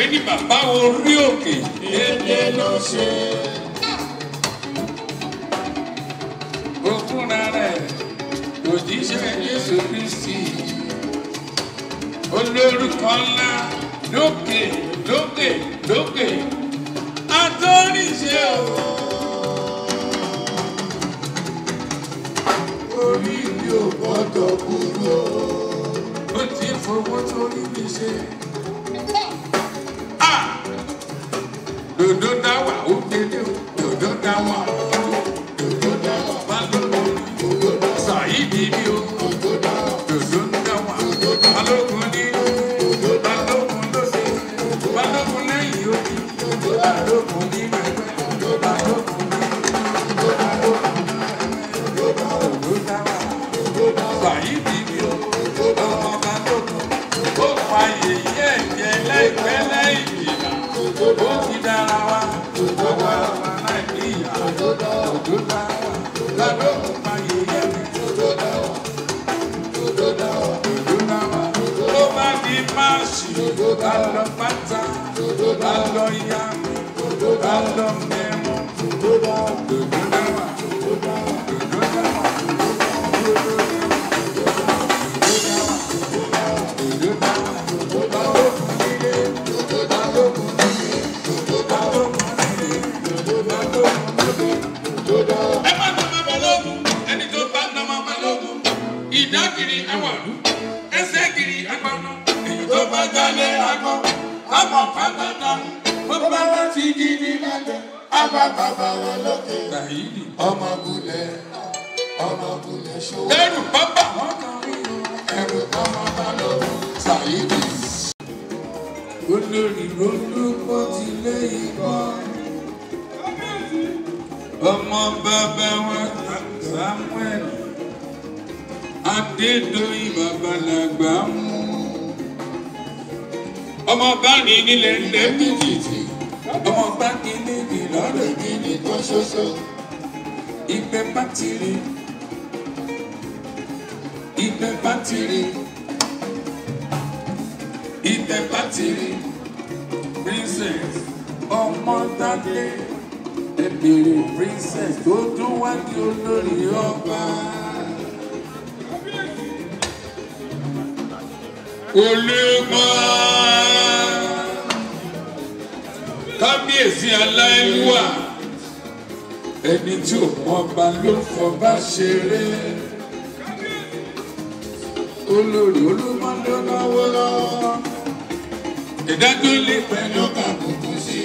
pé ní bàbá orí òkè. èdè ló ṣe. ó fúnra rẹ̀ òjíṣẹ́ Jésù Kristi olórúkọ ńlá lókè doque, doque, doque, o. orí mi ò gbọ́dọ̀ kúrò. ó ti fowó tó rí do, do, do, do, do, do, Alọ pátá, alọ ìyá, alọ mẹ́. jáde a bá bàbá wọn lókè ọmọ bulẹ̀ ọmọ bulẹ̀ ṣòwò. ẹrù bàbá wọn kan rí o ẹrù bàbá bá lọ Saheed. olórí lórúkọ ti lé ìbọn ọmọ bàbá wọn Samuel Adédoyin babalàgbà mú ọmọ bá ní nílẹ̀ ńlẹ̀ méjì tí ọmọ àbẹ̀bí nìkan ṣoṣo ìpè bátìrì ìpè bátìrì ìpè bátìrì princess ọmọdádé ẹbèrè princess tó dún wá ní olórí ọba. olè máa kábíyèsí aláìlúwà ẹni tí ò mọ ọba ló fọba ṣeré olórí olúmọdé náwó lọ ìdájọ́ lè pẹ̀lú kàbùkù sí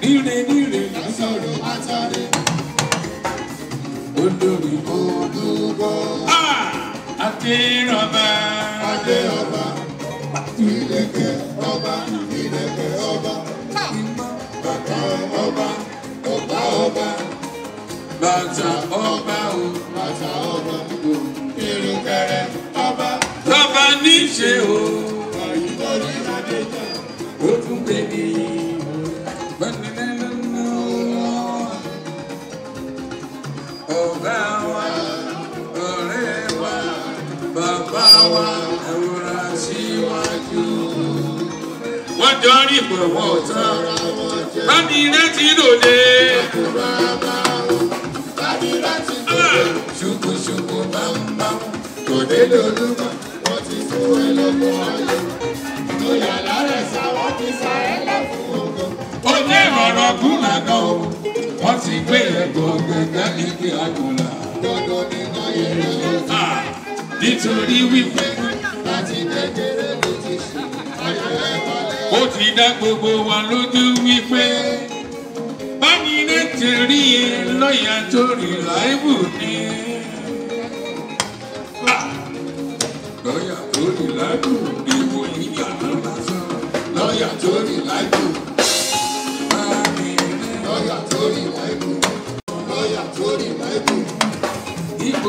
níre níre lásọ̀rọ̀ pátáré olórí kò dúró àti ìrọ̀bà adé ọba bàtà ọba o bàtà ọba o ìrùkẹ̀rẹ̀ ọba. lọ́ba níṣe o. òyìnbó ní adéjà. ó tún pè ní. gbẹ̀nẹ̀lẹ̀ lọ́nà wọn. ọ̀gá wa ọ̀rẹ́ wa bàbá wa ẹ̀wọ̀ra síwájú. wọ́n jọ rí ìpọ̀ wọ́n tán. bá mi rántí lòdè. Elólúmọ̀ wọ́n ti sún ẹ lóko ti sá ẹ lọ́kùn oko. Ó ní ìrọ̀rọ̀ gún làgàn o. Wọ́n ti gbé ẹ̀gbọ́n gbẹ̀gbẹ́ igi àgùnlà. Dọ́dọ̀ nínú yẹrẹ ló ti. Nítorí wípé láti kékeré ló ti ṣe ayẹyẹ wọlé. Ó ti dá gbogbo wa lójú wípé báyìí ní tèrí ẹ lọ́yà tó rí láìbù ni.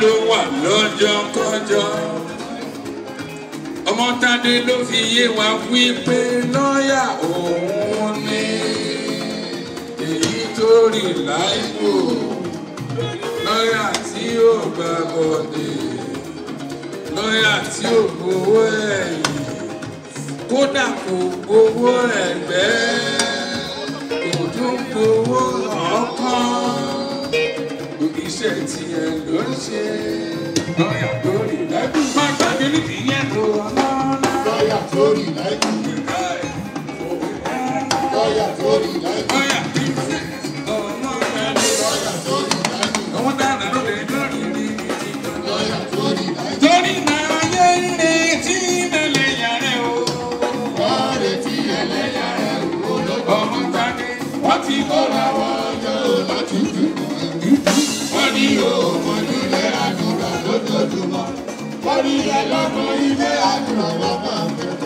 ló wà lọ́jọ́ kọjọ́. Ọmọ́tádé ló fi yé wa wípé lọ́ọ̀yà òun ni èyí tó rí láìpò lọ́ọ̀yà tí ó gbà bọ̀dé lọ́ọ̀yà tí ó gbowó ẹ̀yìn kódà kò gbowó ẹ̀gbẹ́ kò tún gbowó ẹ̀yìn tiẹ̀ ló ń orí ẹlọ́mọ ilé àdúrà wọn máa ń bẹ̀rẹ̀.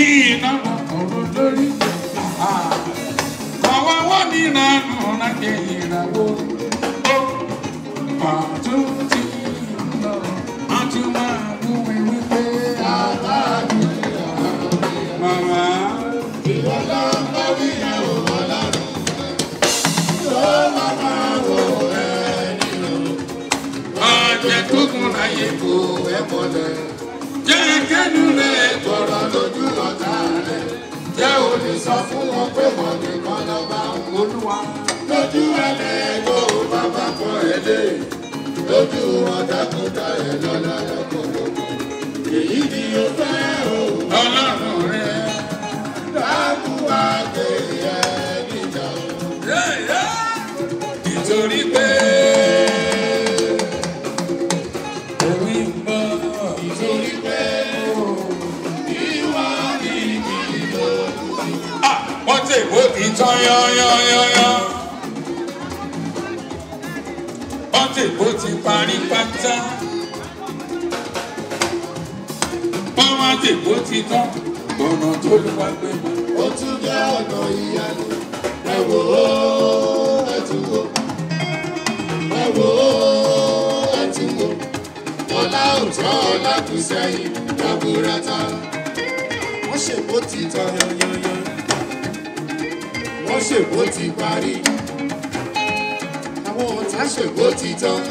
Iná na ọ̀rọ̀ lórí ìbò ẹ̀kọ́ tẹ̀. Jẹ́ kẹ́nu rẹ̀ tọ̀rọ̀ lójú ọ̀tá rẹ̀. Jẹ́ o lè sọ fún wọn pé wọ́n nìkan lọ́ba olúwa. Lójú ẹlẹ́gbọ̀n bàbá kan ẹ̀dẹ́. Lójú ọ̀dàkúndà ẹ̀ lọ́lọ́lá. yọ yọ yọ. Bọ́tèbó ti parí pátá. Bọ́tèbó ti tán. Ọ̀nà tó ló wá gbé mi. Ó tún jẹ́ ọ̀nà ìyanu. Ẹ wò ó, ẹ tún wò. Ẹ wò ó, ẹ tún ṣègbó ti parí àwọn ọ̀tá ṣègbó ti tán.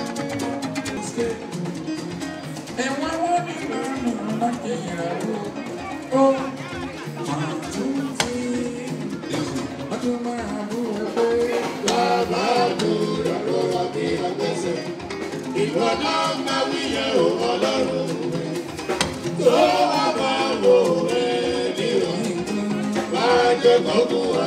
ìwé wo ni mo ń lò lọ́jọ́ ìyàwó ìwọ náà máa wíyẹn ò ọlọ́run tó wà máa wò ẹ́ nírọ̀ bá jẹ́ kọ́kú wa.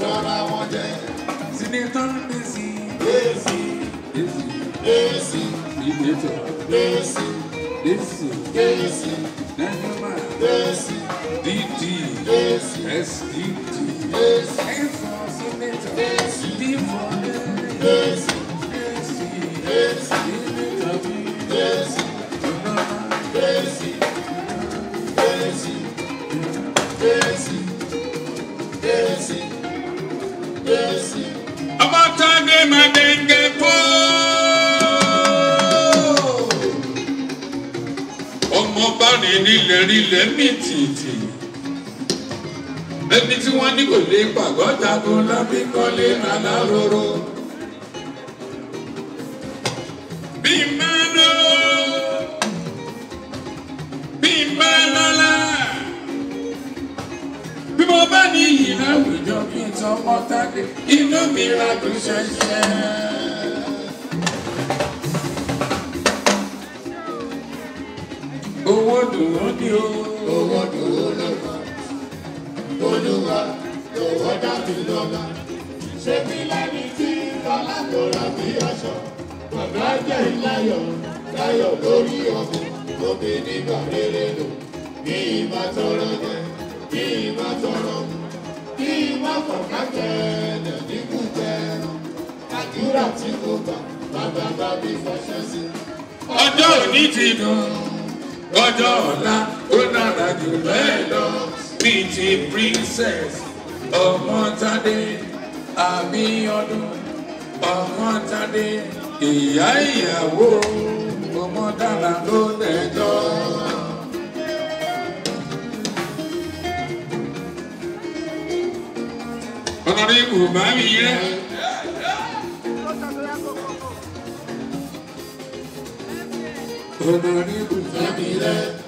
tọ́ra wọn jẹ. Sinetọ Desi. Desi. Desi. Desi. Sinetọ. Desi. Desi. Desi. Nanyama. Desi. DD. Desi. SDD. Desi. A for Sinetọ. Desi. D for Desi. Desi. ẹ̀rí ilẹ̀ mì tìtì ẹni tí wọ́n ní kò lè pàgọ́dà tó lábí kọ́lé aláróró. bí máa lọ bí máa lọ́la bí mo bá ní ìyìn láwùjọ kí n sọ pọ́tàdé inú mi ra tó ṣẹṣẹ. owó dùnú ni o. owó dùnú ló wà olúwa owó dàbí lọ́la ṣé bí lẹ́ni tí lọ́la tó rà bí aṣọ bàbá jẹ́ ìláyọ̀ láyọ̀ lórí ọ̀gbìn lóbi nígbà rere lò bí ìbá tọrọ jẹ bí ìbá tọrọ mu bí ìbá fọ̀ká jẹ lẹ́dínkù jẹ àdúrà tí kò gbà bàbá bá bí fọṣẹ sí. ọjọ́ òní ti dùn kọjọ́ ọ̀la ó dára jù bẹ́ẹ̀ lọ bíi ti princess ọmọtadé àbíọdún ọmọtadé ìyá ìyàwó ọmọdára ló lẹ́jọ́. ọ̀nàdé kò bá mi yẹ. ọ̀nàdé kò. Jamile.